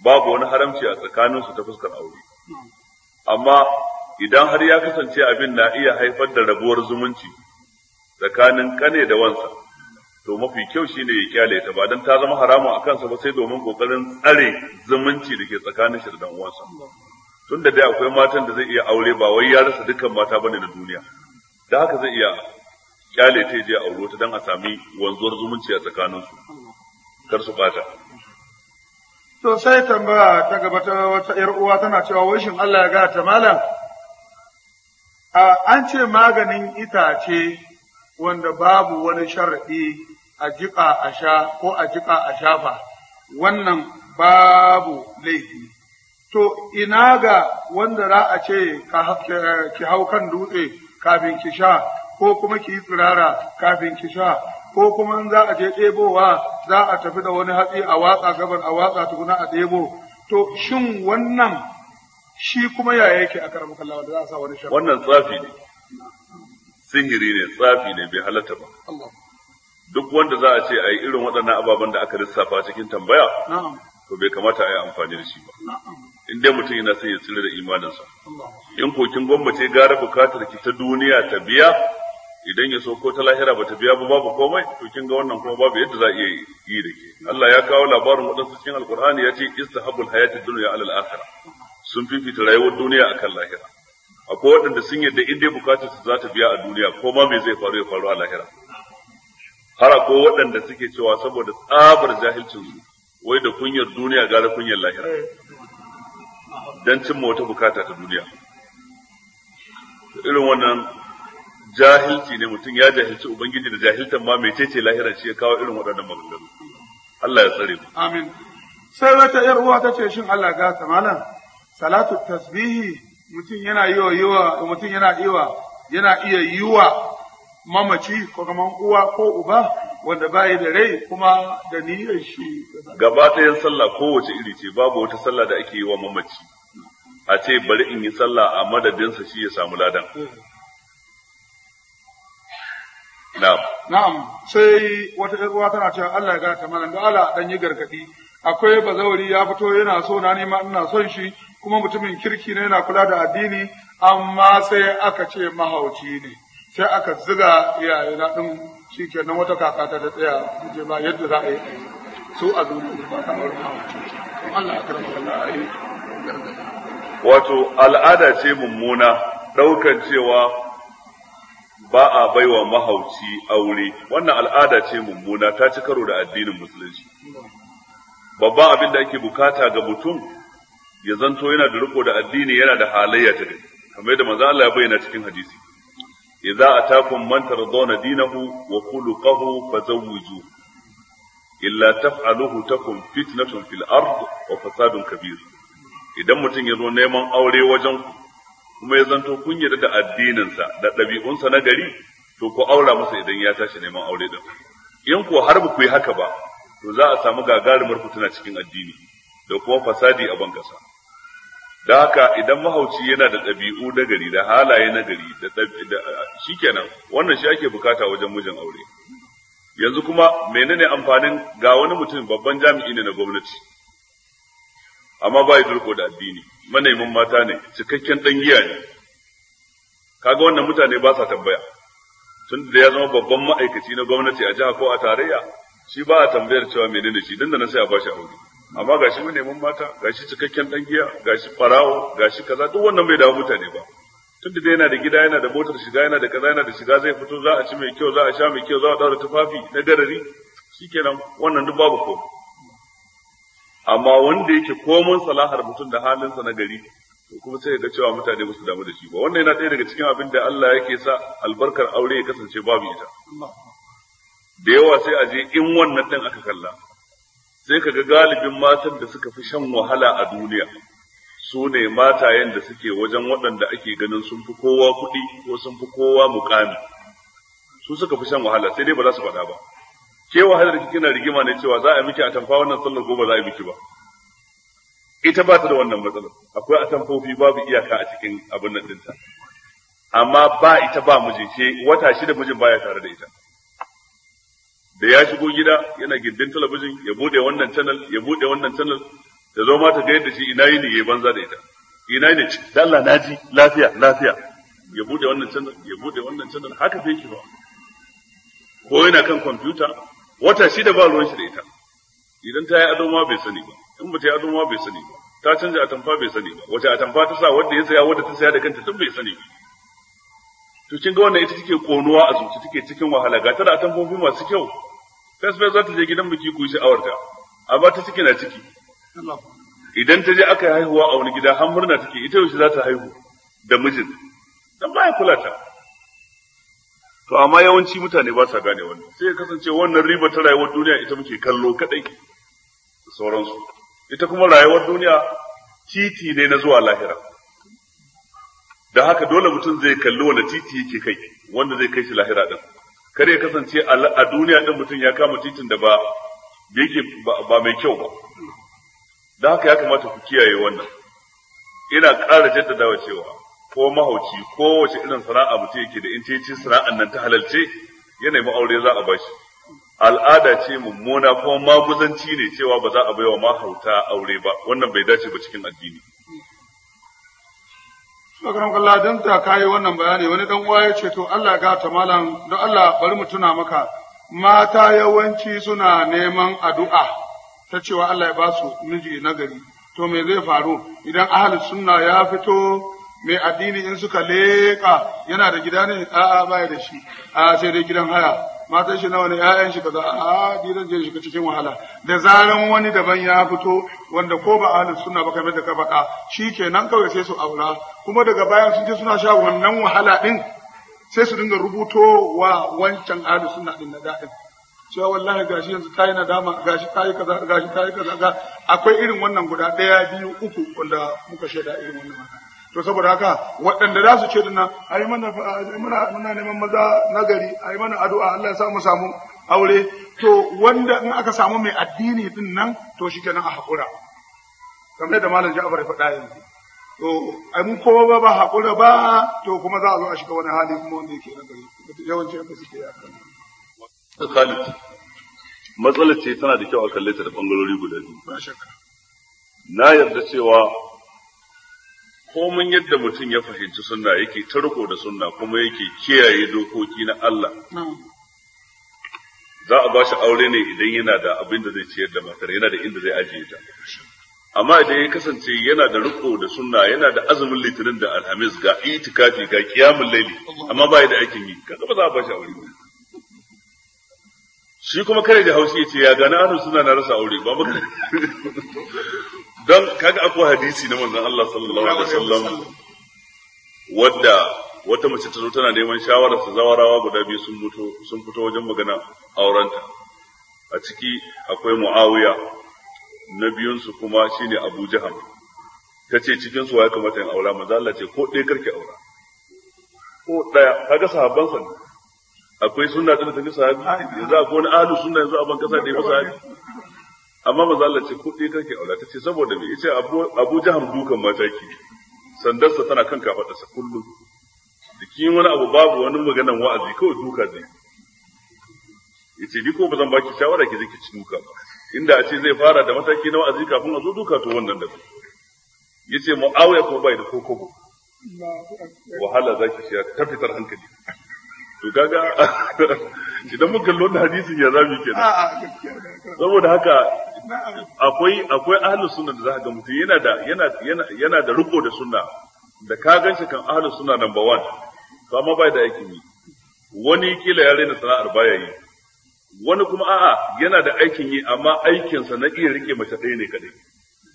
babu wani haramci a tsakanin su ta fuskar aure amma idan har ya kasance abin na iya haifar da rabuwar zumunci tsakanin kane da wansa to mafi kyau shine ya kyale ta ba dan ta zama haramun a kansa ba sai domin kokarin tsare zumunci da ke tsakanin shi da dan uwansa da dai akwai matan da zai iya aure ba wai ya rasa dukkan mata bane na duniya da haka zai iya kyale ta je aure ta dan a sami wanzuwar zumunci a tsakaninsu kar su bata To sai tambaya ta gaba ta wata ‘yar uwa tana cewa wishin Allah ya gata malam, an ce maganin itace wanda babu wani sharaɗi a jiƙa a sha ko a jiƙa a shafa, wannan babu laifi. To ina ga wanda za a ce ki hau kan dutse kafin ki sha ko kuma ki yi tsirara kafin ki sha ko kuma in za a je ɗebowa za a tafi da wani hatsi a watsa gabar a watsa tukuna a ɗebo to shin wannan shi kuma ya yake a karamar kallawa da za a sa wani shafi wannan tsafi ne sihiri ne tsafi ne bai halatta ba duk wanda za a ce a yi irin waɗannan ababen da aka lissafa cikin tambaya to bai kamata a yi amfani da shi ba in dai mutum yana sai ya tsira da imaninsa in kokin gwamnati gwammace gara bukatar ki ta duniya ta biya idan ya so ko ta lahira bata biya ba babu komai to kin ga wannan kuma babu yadda za a iya yi da ke Allah ya kawo labarin wadansu cikin alkur'ani ya ce istahabul hayatid dunya alal akhirah sun fifita rayuwar duniya akan lahira akwai waɗanda sun yarda in dai bukatar su za ta biya a duniya ko ma me zai faru ya faru a lahira har akwai waɗanda suke cewa saboda tsabar jahilcin su wai da kunyar duniya gara kunyar lahira dan cimma wata bukata ta duniya irin wannan jahilci ne mutum ya jahilci ubangiji da jahiltan ma mai cece lahira shi ya kawo irin waɗannan maganganu Allah ya tsare mu amin sai wata yar uwa ta ce shin Allah ga ta malam salatu tasbihi mutum yana wa yiwa mutum yana yana iya yiwa mamaci ko uwa ko uba wanda yi da rai kuma da niyyar shi gaba sallah kowace iri ce babu wata sallah da ake yi wa mamaci a ce bari in yi sallah a madadinsa shi ya samu ladan eh. na'am na'am sai wata uwa tana cewa Allah ya gata malam da Allah dan yi gargadi akwai bazawari ya fito yana so na nema ina son shi kuma mutumin kirki ne yana kula da addini amma sai aka ce mahauci ne sai aka ziga iyaye na din nan wata kaka ta da tsaya je ba yadda za a yi su a duniya ba ta bar mahauci Allah ya karama Allah ya gargadi wato al'ada ce mummuna ɗaukan cewa ba a baiwa mahauci aure wannan al'ada ce mummuna ta ci karo da addinin musulunci babban abin da ake bukata ga mutum ya zanto yana da riko da addini yana da halayya ta dai kamar yadda manzo Allah ya bayyana cikin hadisi idza atakum man tarduna dinahu wa khuluquhu fazawwiju illa taf'aluhu takum fitnatun fil ard wa fasadun kabir idan mutum ya zo neman aure wajen kuma ya zanto kun yarda da addininsa da ɗabi'unsa na gari to ku aura masa idan ya tashi neman aure din in ko har ba ku yi haka ba to za a samu gagarumar tana cikin addini da kuma fasadi a ban kasa da haka idan mahauci yana da ɗabi'u na gari da halaye na gari da shikenan wannan shi ake bukata wajen mijin aure yanzu kuma menene amfanin ga wani mutum babban jami'i ne na gwamnati amma ba ya da addini manaimin mata ne cikakken dan giya ne kaga wannan mutane ba sa tambaya tun da ya zama babban ma'aikaci na gwamnati a jiha ko a tarayya shi ba a tambayar cewa menene shi dan da nan sai a bashi aure amma gashi manaimin mata gashi cikakken dan giya gashi farawo gashi kaza duk wannan bai dawo mutane ba tun da yana da gida yana da motar shiga yana da kaza yana da shiga zai fito za a ci mai kyau za a sha mai kyau za a daura tufafi na darari shikenan wannan duk babu komai amma wanda yake komon salahar mutum da halinsa na gari to kuma sai ga cewa mutane ba su damu da shi ba wannan yana ɗaya daga cikin abin da Allah yake sa albarkar aure ya kasance babu ita da yawa sai a je in wannan ɗin aka kalla sai ka ga galibin matan da suka fi shan wahala a duniya su ne matayen da suke wajen waɗanda ake ganin sun fi kowa kuɗi ko sun fi kowa mukami su suka fi shan wahala sai dai ba za su faɗa ba ke wahalar ki kina rigima ne cewa za a miki a tamfa wannan sallar gobe za a miki ba ita ba ta da wannan matsalar akwai atamfofi babu iyaka a cikin abin nan dinta amma ba ita ba miji ce wata shida mijin baya tare da ita da ya shigo gida yana gindin talabijin ya bude wannan channel ya bude wannan channel da zo ma ta ga yadda shi ina yi ne ya banza da ita ina ne ci da Allah naji lafiya lafiya ya bude wannan channel ya bude wannan channel haka sai ki ba ko yana kan kwamfuta wata shida ba ruwan shi da ita idan ta yi ado ma bai sani ba in ba ta yi ado ma bai sani ba ta canza atamfa bai sani ba wace atamfa ta sa wanda ya saya wanda ta saya da kanta tun bai sani ba to kin ga wannan ita take konuwa a zuci take cikin wahala ga tana atamfofi masu kyau fesfes za ta je gidan biki ku yi awarta. amma ta ciki na ciki idan ta je aka yi haihuwa a wani gida har murna take ita yaushe za ta haihu da mijin dan baya kula ta to amma yawanci mutane ba sa gane wannan sai ya kasance wannan riba ta rayuwar duniya ita muke kallo kadai da sauransu ita kuma rayuwar duniya titi ne na zuwa lahira da haka dole mutum zai kalli wanda titi yake kai wanda zai kai shi lahira din Kar ya kasance a duniya din mutum ya kama titin da ba yake ba mai kyau ba da haka ya kamata ku kiyaye wannan ina ƙara jaddadawa cewa ko mahauci ko wace irin sana'a mutum yake da in ce ci sana'an nan ta halalce yanayin nemi aure za a bashi al'ada ce mummuna kuma maguzanci ne cewa ba za a baiwa mahauta aure ba wannan bai dace ba cikin addini Shugaban Allah don ta kayi wannan bayani wani dan uwa ya ce to Allah ga ta malam don Allah bari mu tuna maka mata yawanci suna neman addu'a ta cewa Allah ya ba su miji nagari to me zai faru idan ahlus sunna ya fito mai addini in suka leƙa yana da gida ne a'a baya da shi a sai dai gidan haya matan shi nawa wani ƴaƴan shi kaza a gidan je shiga cikin wahala da zaran wani daban ya fito wanda ko ba ahli sunna ba kamar da ka faɗa shikenan kawai sai su aura kuma daga bayan sun je suna sha wannan wahala din sai su dinga rubuto wa wancan ahli sunna din na da'in cewa wallahi gashi yanzu kayi nadama gashi kayi kaza gashi kayi kaza akwai irin wannan guda ɗaya biyu uku wanda muka shaida irin wannan to saboda haka waɗanda za su ce dinnan yi mana muna muna neman maza nagari yi mana addu'a Allah ya sa mu samu aure to wanda in aka samu mai addini din nan to shikenan a haƙura kamar da malam Ja'far ya faɗa yanzu to ai mun kowa ba ba haƙura ba to kuma za a zo a shiga wani hali kuma wanda yake nagari yawanci haka suke ya kan Khalid matsalar ce tana da kyau a kalle ta da bangarori guda biyu shakka na yarda cewa komin yadda mutum ya fahimci sunna yake ta riko da sunna kuma yake kiyaye dokoki na Allah za a ba shi aure ne idan yana da abin da zai ciyar da matar yana da inda zai ajiye ta amma idan ya kasance yana da riko da sunna yana da azumin litinin da alhamis ga itikafi ga kiyamun laili amma ba da aikin yi kaga ba za a ba shi aure shi kuma kare da haushi ya ce ya gani ahlus sunna na rasa aure ba ba don kaga akwai hadisi na manzon Allah sallallahu alaihi wasallam wadda wata mace ta zo tana neman shawarar su zawarawa guda biyu sun mutu sun fito wajen magana aurenta a ciki akwai Muawiya na biyun su kuma shine Abu Jahal tace cikin su ya kamata in aura manzo Allah ce ko ɗaya karki aura ko ɗaya kaga sahabban sa akwai sunna da ta ga sahabi yanzu akwai wani ahlus sunna yanzu a ban kasa da yi sahabi amma maza Allah ce kudi kake aure ta ce saboda me yace Abu Jaham dukan mata ki sandarsa tana kan sa kullum jikin wani abu babu wani maganan wa'azi kawai duka zai yace ni ko ba zan baki shawara ki zaki ci duka ba inda a ce zai fara da mataki na wa'azi kafin a zo duka to wannan da yace Muawiya ko bai da kokobo wahala zaki shi ta fitar hankali to kaga idan muka lona hadisin ya zami kenan saboda haka akwai akwai ahlus sunna da zaka ga mutum yana da yana yana da riko da sunna da ka ganshi kan ahlus sunna number 1 to amma bai da aikin yi wani kila ya rena sana'ar baya yi wani kuma a'a yana da aikin yi amma aikinsa na iya rike mace ɗaya ne kadai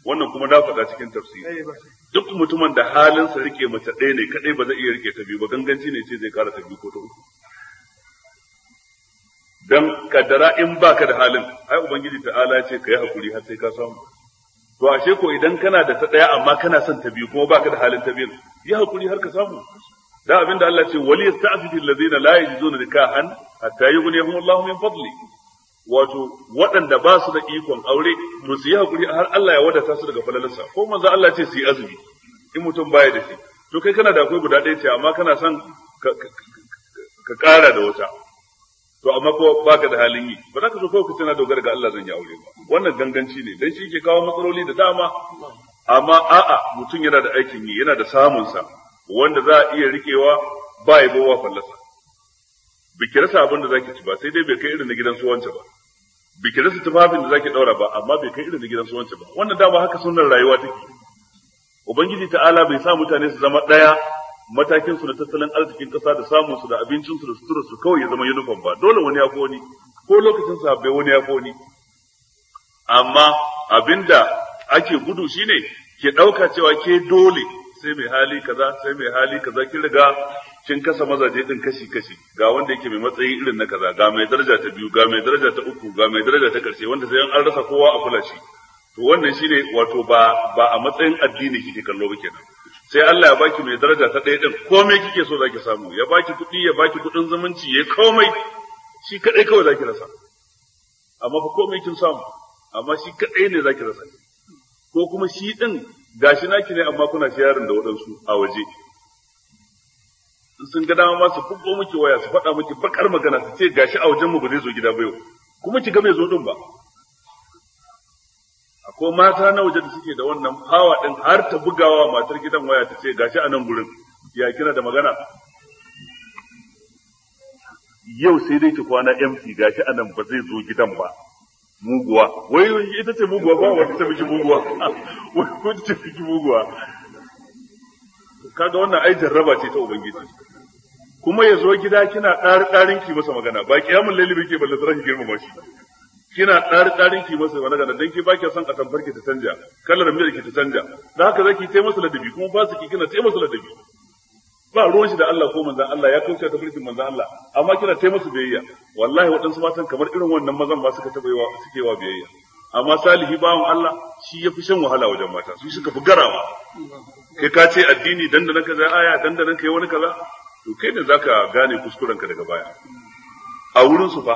wannan kuma na faɗa cikin tafsiri eh, duk mutumin da halin sa rike mace ɗaya ne kadai ba zai iya rike ta biyu ba ganganci ne ce zai kara ta biyu ko ta uku dan kaddara in baka da halin ai ubangiji ta'ala ya ce kai hakuri har sai ka samu to ashe ko idan kana da ta daya amma kana son ta biyu kuma baka da halin ta biyu yi hakuri har ka samu da abin da Allah ce wali yasta'fidu allazina la yajiduna nikahan hatta yughniyahum Allah min fadli wato waɗanda ba su da ikon aure to su yi hakuri har Allah ya wadata su daga falalarsa ko manzo Allah ce su yi azumi in mutum baya da shi to kai kana da akwai guda ɗaya ce amma kana son ka ƙara da wata to amma ko baka da halin yi ba za ka so kawai ka tana dogara ga Allah zan yi aure ba wannan ganganci ne dan shi yake kawo matsaloli da dama amma a'a mutum yana da aikin yi yana da samun sa wanda za a iya rikewa ba ya bawa fallasa biki rasa abin da zaki ci ba sai dai bai kai irin na gidan su wance ba biki rasa tufafin da zaki daura ba amma bai kai irin na gidan su wance ba wannan dama haka sunan rayuwa take ubangiji ta'ala bai sa mutane su zama daya matakin su da tattalin arzikin kasa da samun su da abincin su da suturar su kawai ya zama uniform ba dole wani ya wani ko lokacin bai wani ya wani amma abinda ake gudu shine ke dauka cewa ke dole sai mai hali kaza sai mai hali kaza kin riga kin kasa mazaje din kashi kashi ga wanda yake mai matsayi irin na kaza ga mai daraja ta biyu ga mai daraja ta uku ga mai daraja ta karshe wanda sai an rasa kowa a kula shi to wannan shine wato ba ba a matsayin addini kike kallo ba kenan sai Allah ya baki mai daraja ta ɗaya ɗin komai kike so zaki samu ya baki kuɗi ya baki kuɗin zumunci ya komai shi kaɗai kawai zaki rasa amma fa komai kin samu amma shi kaɗai ne zaki rasa ko kuma shi ɗin gashi naki ne amma kuna sharing da waɗansu a waje In sun ga dama ma su bugo miki waya su faɗa miki bakar magana su ce gashi a wajen mu ba zai zo gida ba yau kuma ki ga mai zo ɗin ba akwai mata na waje da suke da wannan hawa din har ta bugawa matar gidan waya ta ce gashi a nan gurin ya kina da magana yau sai dai ki kwana MC gashi a nan ba zai zo gidan ba muguwa wai ita ce muguwa ba wata ta miki muguwa wai ko ta miki muguwa kaga wannan ai jarraba ce ta ubangiji kuma ya zo gida kina ɗarin ki masa magana ba kiyamun laili ke balle zaran girmama shi kina ɗari tsarin ki masa wani gana dan ki baki san a tamfar ki ta canja kallar miyar ki ta canja da haka zaki ta masa ladabi kuma ki, kina tai masa ladabi ba ruwan shi da Allah ko manzan Allah ya kauce ta farkin manzan Allah amma kina tai masa biyayya wallahi waɗansu matan kamar irin wannan mazan ba suka taɓa yawa suke wa biyayya amma salihi bawan Allah shi ya fi shan wahala wajen mata su suka fi garawa kai ka ce addini dandanan kaza aya dandanan kai wani kaza to kai ne zaka gane kuskuren ka daga baya a wurin su fa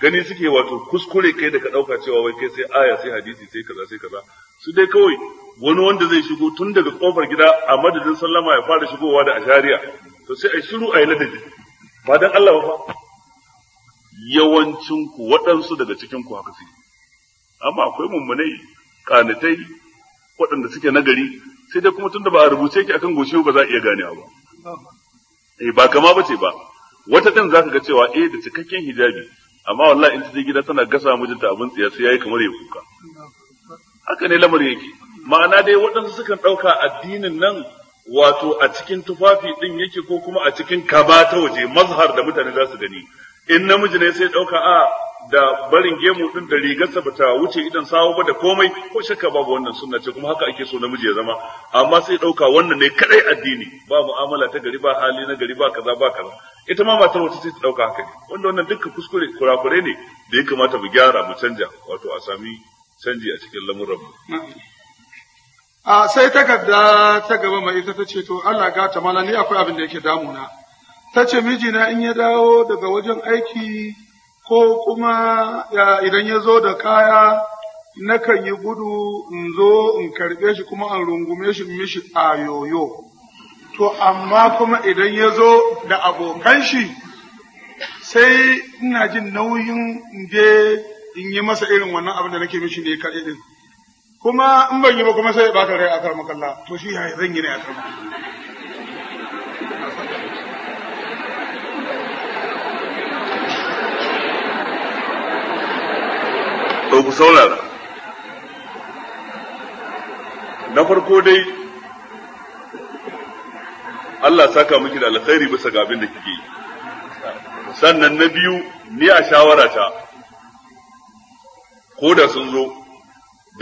gani suke wato kuskure kai da ka dauka cewa wai kai sai aya sai hadisi sai kaza sai kaza su dai kawai wani wanda zai shigo tun daga kofar gida a madadin sallama ya fara shigowa da ashariya to sai a shiru a yi ladabi ba dan Allah ba yawancin ku waɗansu daga cikin ku haka suke amma akwai mummunai kanatai waɗanda suke nagari sai dai kuma tun da ba a rubuce ki akan goshi ba za a iya gane ba eh ba kama bace ba wata din zaka ga cewa eh da cikakken hijabi amma wallahi in ta je gida tana gasa mijinta abin tsiya sai yayi kamar ya kuka haka ne lamar yake ma'ana dai waɗansu sukan ɗauka addinin nan wato a cikin tufafi ɗin yake ko kuma a cikin kaba ta waje mazhar da mutane za su gani in namiji ne sai ɗauka a ah, da barin gemu din da rigarsa bata wuce idan sawo ba da komai ko shakka babu wannan sunna ce kuma haka ake so namiji ya zama amma sai dauka wannan ne kadai addini ba mu'amala ta gari ba hali na gari ba kaza ba kaza ita ma matar wata sai ta dauka haka ne wanda wannan duka kuskure kurakure ne da ya kamata mu gyara mu canja wato a sami canji a cikin lamuran mu a sai takarda ta gaba mai ita ta ce to Allah gata mala ni akwai abin da yake damuna ta ce mijina in ya dawo daga wajen aiki ko kuma idan ya zo da kaya nakan yi gudu in zo in karɓe shi kuma an rungume shi in mishi ayoyo. To, amma kuma idan ya zo da abokan shi sai ina jin nauyin in in yi masa irin wannan abin da nake mishi ne kaɗai ɗin. Kuma in ban yi ba kuma sai ya ta rai a karmakalla, to shi ya zan yi ne a karmakalla. ku saurara na farko dai Allah saka miki da alkhairi bisa ga abin da kike yi sannan na biyu ni a shawara ta ko da sun zo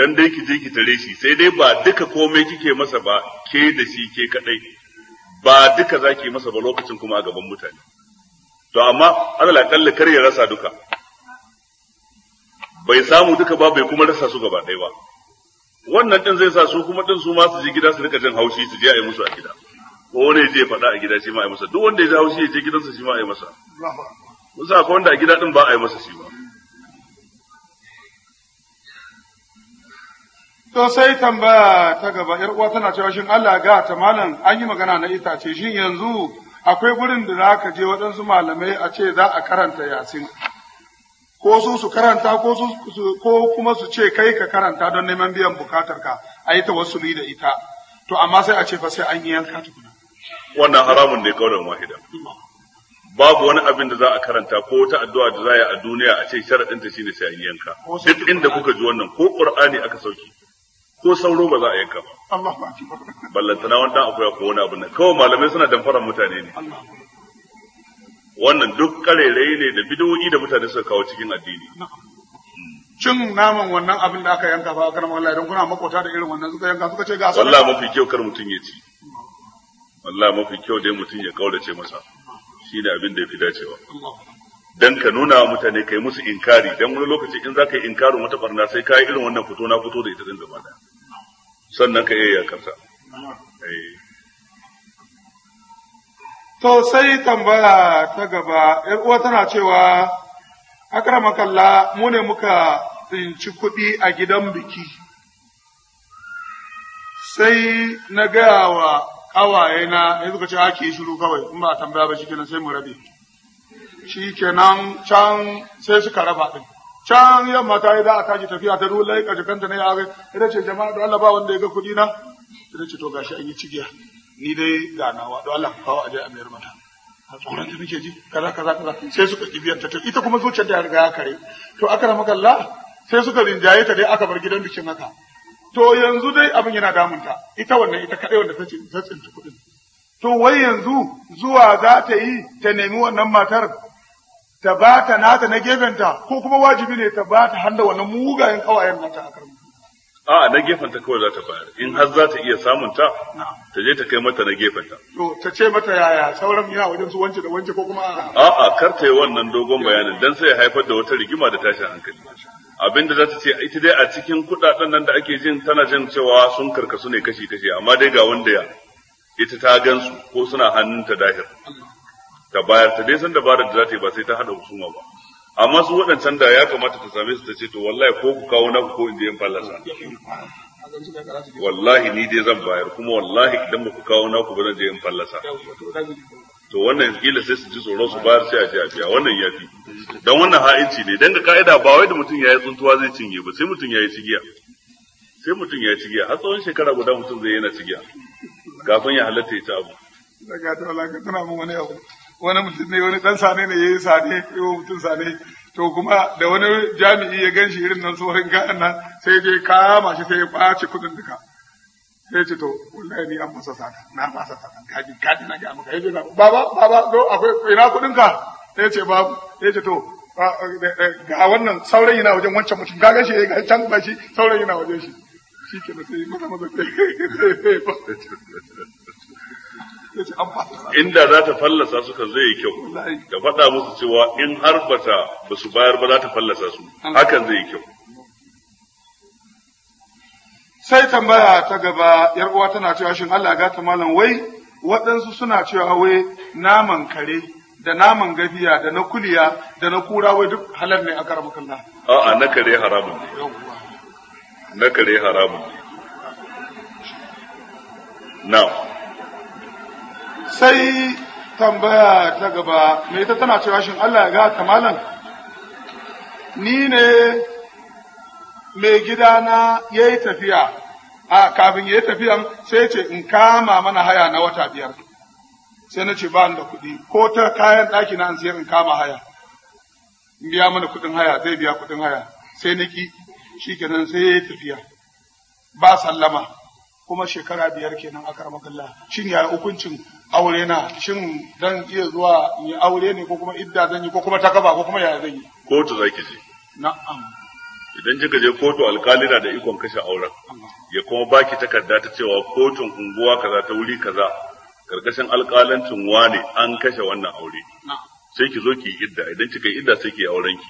dan dai ki je ki tare shi sai dai ba duka komai kike masa ba ke da shi ke kadai ba duka zaki masa ba lokacin kuma a gaban mutane to amma Allah kalli kar ya rasa duka bai samu duka ba bai kuma rasa su gaba ɗaya ba wannan din zai sa su kuma din su ma su je gida su rika jin haushi su je a yi musu a gida ko wani ya je faɗa a gida shi ma a yi masa duk wanda ya ji haushi ya je gidansa shi ma a yi masa musa akwai wanda a gida din ba a yi masa shi ba to sai tambaya ta gaba yar uwa tana cewa shin Allah ga ta malam an yi magana na itace shin yanzu akwai gurin da za ka je waɗansu malamai a ce za a karanta yasin ko su su karanta ko su ko kuma su ce kai ka karanta don neman biyan bukatar ka a yi tawassuli da ita to amma sai a ce fa sai an yi yanka tukuna wannan haramun ne kaulan wahida babu wani abin da za a karanta ko wata addu'a da za a yi a duniya a ce sharadin ta shine sai an yanka duk inda kuka ji wannan ko qur'ani aka sauki ko sauro ba za a yanka ba Allahu akbar ballantana wannan akwai ko wani abin kawai malamai suna damfara mutane ne wannan duk karerai ne da bidowi da mutane suka kawo cikin addini cin naman wannan abin da aka yanka fa karama wallahi idan kuna makota da irin wannan suka yanka suka ce ga wallahi mafi kyau kar mutum ya ci wallahi mafi kyau dai mutum ya kaurace masa shi da abin da yafi dacewa dan ka nuna wa mutane kai musu inkari dan wani lokaci in zaka yi inkarin wata barna sai kai irin wannan fito na fito da ita din gaba sannan ka iya yakarta eh To sai tambaya ta gaba, ‘yar uwa tana cewa, makalla mu ne muka tsinci kuɗi a gidan biki, sai na gaya wa ƙawaye na ya suka ce ake shiru kawai, in ba tambaya ba shi kenan sai mu rabe. Shi kenan can sai suka raba ɗin. Can yamma ta yi za a tashi tafiya ta dole, ƙarshe kanta ne ya ce jama'a da Allah ba wanda ya ga kuɗi na, ita ce to gashi an yi cigiya. ni dai ganawa don Allah kawo aje a mayar mata a tsoron ta muke ji kaza kaza kaza sai suka kibiyar ta ita kuma zuciyar ta riga ya kare to aka rama kalla sai suka rinjaye ta dai aka bar gidan bikin haka to yanzu dai abin yana damunta ita wannan ita kadai wanda ta tsinci kuɗin to wai yanzu zuwa za ta yi ta nemi wannan matar ta ba ta nata na gefenta ko kuma wajibi ne ta ba ta handa wannan mugayen kawayen nata a karni a na gefen ta kawai za ta bayar in har za ta iya samun ta ta je ta kai mata na gefen ta to ta ce mata yaya sauran yana wajen su wance da wance ko kuma a'a kar ta yi wannan dogon bayanin dan sai ya haifar da wata rigima da tashin hankali abinda za ta ce ita dai a cikin kudaden nan da ake jin tana jin cewa sun karkasu ne kashi kashi amma dai ga wanda ya ita ta gansu ko suna hannunta dahir ta bayar ta dai san dabarar da za ta yi ba sai ta hada husuma ba amma su waɗancan da ya kamata ta same su ta ce to wallahi ko ku kawo naku ko in je in fallasa wallahi ni dai zan bayar kuma wallahi idan ba ku kawo naku ba zan je in fallasa to wannan kila sai su ji tsoro su bayar sai a je a biya wannan ya fi dan wannan ha'inci ne dan ga ka'ida ba wai da mutum ya yi tsuntuwa zai cinye ba sai mutum ya yi cigiya sai mutum ya yi cigiya har tsawon shekara guda mutum zai yana cigiya kafin ya halatta ya ci abu. Daga ta wala ka tana mun wani abu. wani mutum ne wani dan sane ne yayi sane ko mutum sane to kuma da wani jami'i ya gan shi irin nan tsorin ga'an nan sai je kama shi sai ya ɓaci kuɗin duka sai ce to wallahi ni an masa sata na masa sata kaji kaji na ga maka yace baba baba zo akwai ina kuɗin ka sai ce babu sai ce to eh, eh, ga wannan sauran yana wajen wancan mutum ga gashi ga can ba shi sauran yana wajen shi shi ke sai maza maza sai inda za ta fallasa suka zai yi kyau ka faɗa musu cewa in har bata ba su bayar ba za ta fallasa su hakan zai yi kyau sai tambaya ta gaba yar uwa tana cewa shin Allah ga ta malam wai waɗansu suna cewa wai naman kare da naman gafiya da na kuliya da na kura wai duk halal ne a karamukan a'a na kare haramun ne na kare haramun ne na'am sai tambaya ta gaba mai ta tana cewa shin Allah ya ga, malam ni ne mai gidana ya yi tafiya a kafin ya yi tafiya sai ce in kama mana haya na wata biyar sai na ce ba da kuɗi ko ta kayan ɗaki na an siyar in kama haya in biya mana kuɗin haya zai biya kuɗin haya sai na ki shi kenan sai ya yi tafiya ba sallama kuma shekara biyar kenan a karamakallah shin ya hukuncin aure na shin dan iya zuwa ni aure ne ko kuma idda zan yi ko kuma takaba ko kuma yaya zan yi kotu zaki je na'am idan kika je kotu alkali na da ikon kashe auren ya kuma baki takarda ta cewa kotun unguwa kaza ta wuri kaza karkashin alkalancin wane an kashe wannan aure sai ki zo ki idda idan kika idda sai ki auren ki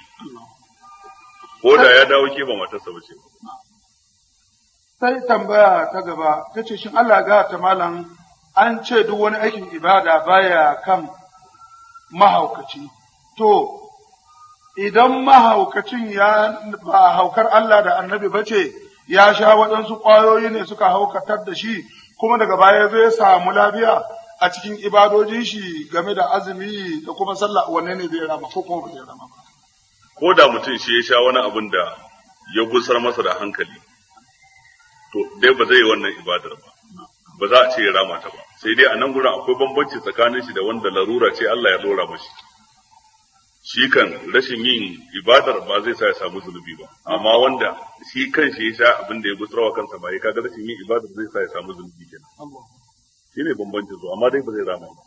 ko da ya dawo ke ba matarsa ba ce sai tambaya ta gaba tace shin Allah ga ta malam an ce duk wani aikin ibada baya kan mahaukaci to idan mahaukacin ya ba haukar Allah da annabi ba ce ya sha waɗansu ƙwayoyi ne suka haukatar da shi kuma daga baya zai samu lafiya a cikin ibadojin shi game da azumi da kuma sallah wanne ne zai rama ko kuma zai rama ko da mutum shi ya sha wani abin da ya gusar masa da hankali to dai ba zai yi wannan ibadar ba ba za a ce ya rama ta ba sai dai a nan gurin akwai bambanci tsakanin shi da wanda larura ce Allah ya dora mashi shi kan rashin yin ibadar ba zai sa ya samu zunubi ba amma wanda shi kan shi ya sha abin da ya gutsurawa kansa ba ya kaga rashin yin ibadar zai sa ya samu zunubi kenan shi ne bambanci su amma dai ba zai rama ba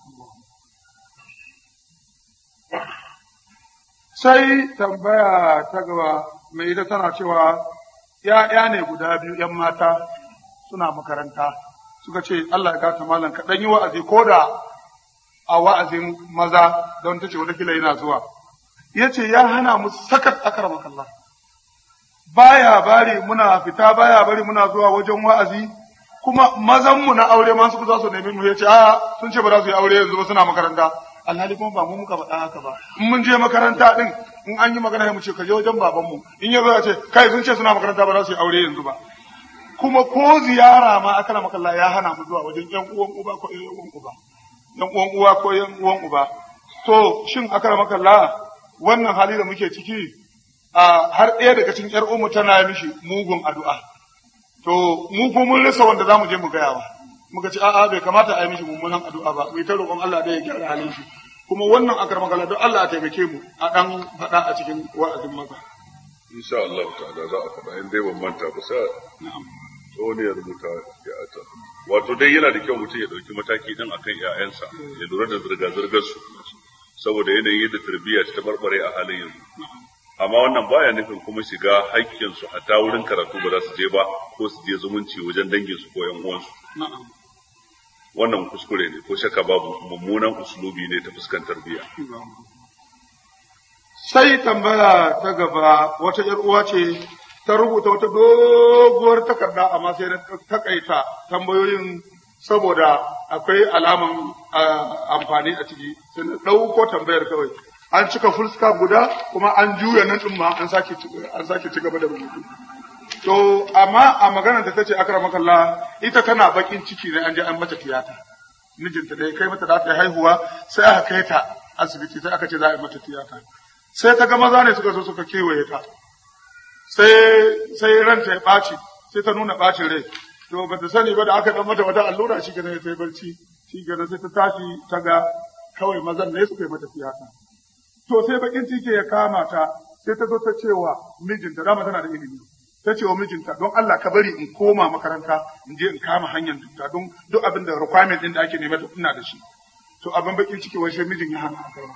sai tambaya ta gaba mai ita tana cewa ya'ya ne guda biyu 'yan mata suna makaranta suka ce Allah ya gata malam ka dan yi wa'azi ko da a wa'azin maza don ta ce wata kila yana zuwa yace ya hana mu sakat akramaka Allah baya bari muna fita baya bari muna zuwa wajen wa'azi kuma mazan mu na aure ma su za su nemi mu yace a sun ce ba za su yi aure yanzu ba suna makaranta alhali kuma ba mu muka faɗa haka ba in mun je makaranta din in an yi magana mu ce ka je wajen baban mu in ya zo ya ce kai sun ce suna makaranta ba za su yi aure yanzu ba kuma ko ziyara ma akana kalla ya hana mu zuwa wajen yan uwan uba ko yan uwan uba yan uwan uwa ko yan uwan uba to shin akana kalla wannan hali da muke ciki a har ɗaya daga cikin yar umu tana mishi mugun addu'a to mu ko mun rasa wanda zamu je mu gaya ba muka ce a'a bai kamata a yi mishi mummunan addu'a ba mu ta roƙon Allah da ya gyara halin shi kuma wannan akar kalla don Allah a taimake mu a dan faɗa a cikin wa'azin maka Insha Allah ta'ala za a faɗa in dai ban manta ba sa. Na'am. ta ya rubuta wato dai yana da kyau mutum ya ɗauki mataki ɗin akan ya'yansa ya lura da zirga-zirgar su saboda yanayi da tarbiyya ta barbare a halin yanzu amma wannan baya nufin kuma shiga haƙƙin su hatta wurin karatu ba za su je ba ko su je zumunci wajen dangin su ko yan uwansu wannan kuskure ne ko shakka babu mummunan uslubi ne ta fuskan tarbiyya sai tambaya ta gaba wata yar uwa ce ta rubuta wata doguwar takarda amma sai na takaita tambayoyin saboda akwai alaman amfani a ciki sai na ɗauko tambayar kawai an cika fuska guda kuma an juya nan ɗin ma an sake an sake ci gaba da rubutu to amma a maganar da tace makalla ita tana bakin ciki ne an je an mata tiyata mijinta da ya kai mata da haihuwa sai aka kai ta asibiti sai aka ce za a yi mata tiyata sai ta ga maza ne suka zo suka kewaye ta sai sai ranta ya ɓaci sai ta nuna ɓacin rai to ba ta sani ba da aka ɗan mata wata allura shi ta sai barci shi gane sai ta tashi ta ga kawai mazan ne suka yi mata ta. to sai bakin ciki ya kama ta sai ta zo ta cewa mijinta dama tana da ilimi ta ce wa mijinta don Allah ka bari in koma makaranta in je in kama hanyar dukta don duk abin da requirement din da ake nema ta ina da shi to abin bakin ciki wai mijin ya hana a kai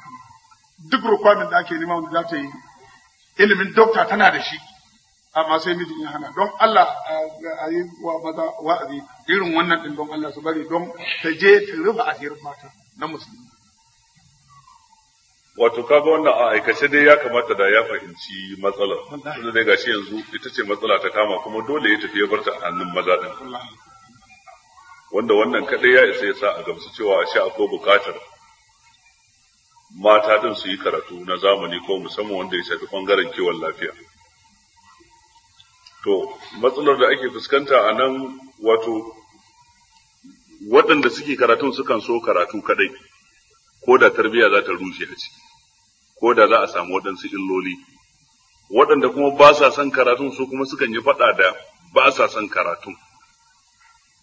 duk requirement da ake nema wanda za ta yi ilimin dokta tana da shi amma sai miji in hana don Allah a yi wa maza wa'azi irin wannan din don Allah su bari don ta je ta rufe asirin mata na musulmi wato kaga wannan a aikace dai ya kamata da ya fahimci matsalar wanda dai gashi yanzu ita ce matsala ta kama kuma dole ya tafi ya barta a hannun maza din wanda wannan kadai ya isa ya sa a gamsu cewa a sha akwai bukatar mata din su yi karatu na zamani ko musamman wanda ya shafi bangaren kiwon lafiya to matsalar da ake fuskanta a nan wato waɗanda suke karatun sukan so karatu kaɗai ko da tarbiyya za ta rushe a ciki ko da za a samu waɗansu illoli waɗanda kuma ba sa son karatun su kuma sukan yi faɗa da ba sa son karatun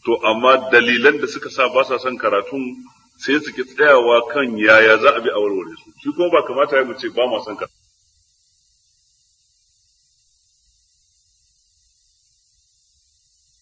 to amma dalilan da suka sa ba sa son karatun sai suke tsayawa kan yaya za a bi a warware su shi kuma ba kamata ya mu ce ba mu son karatun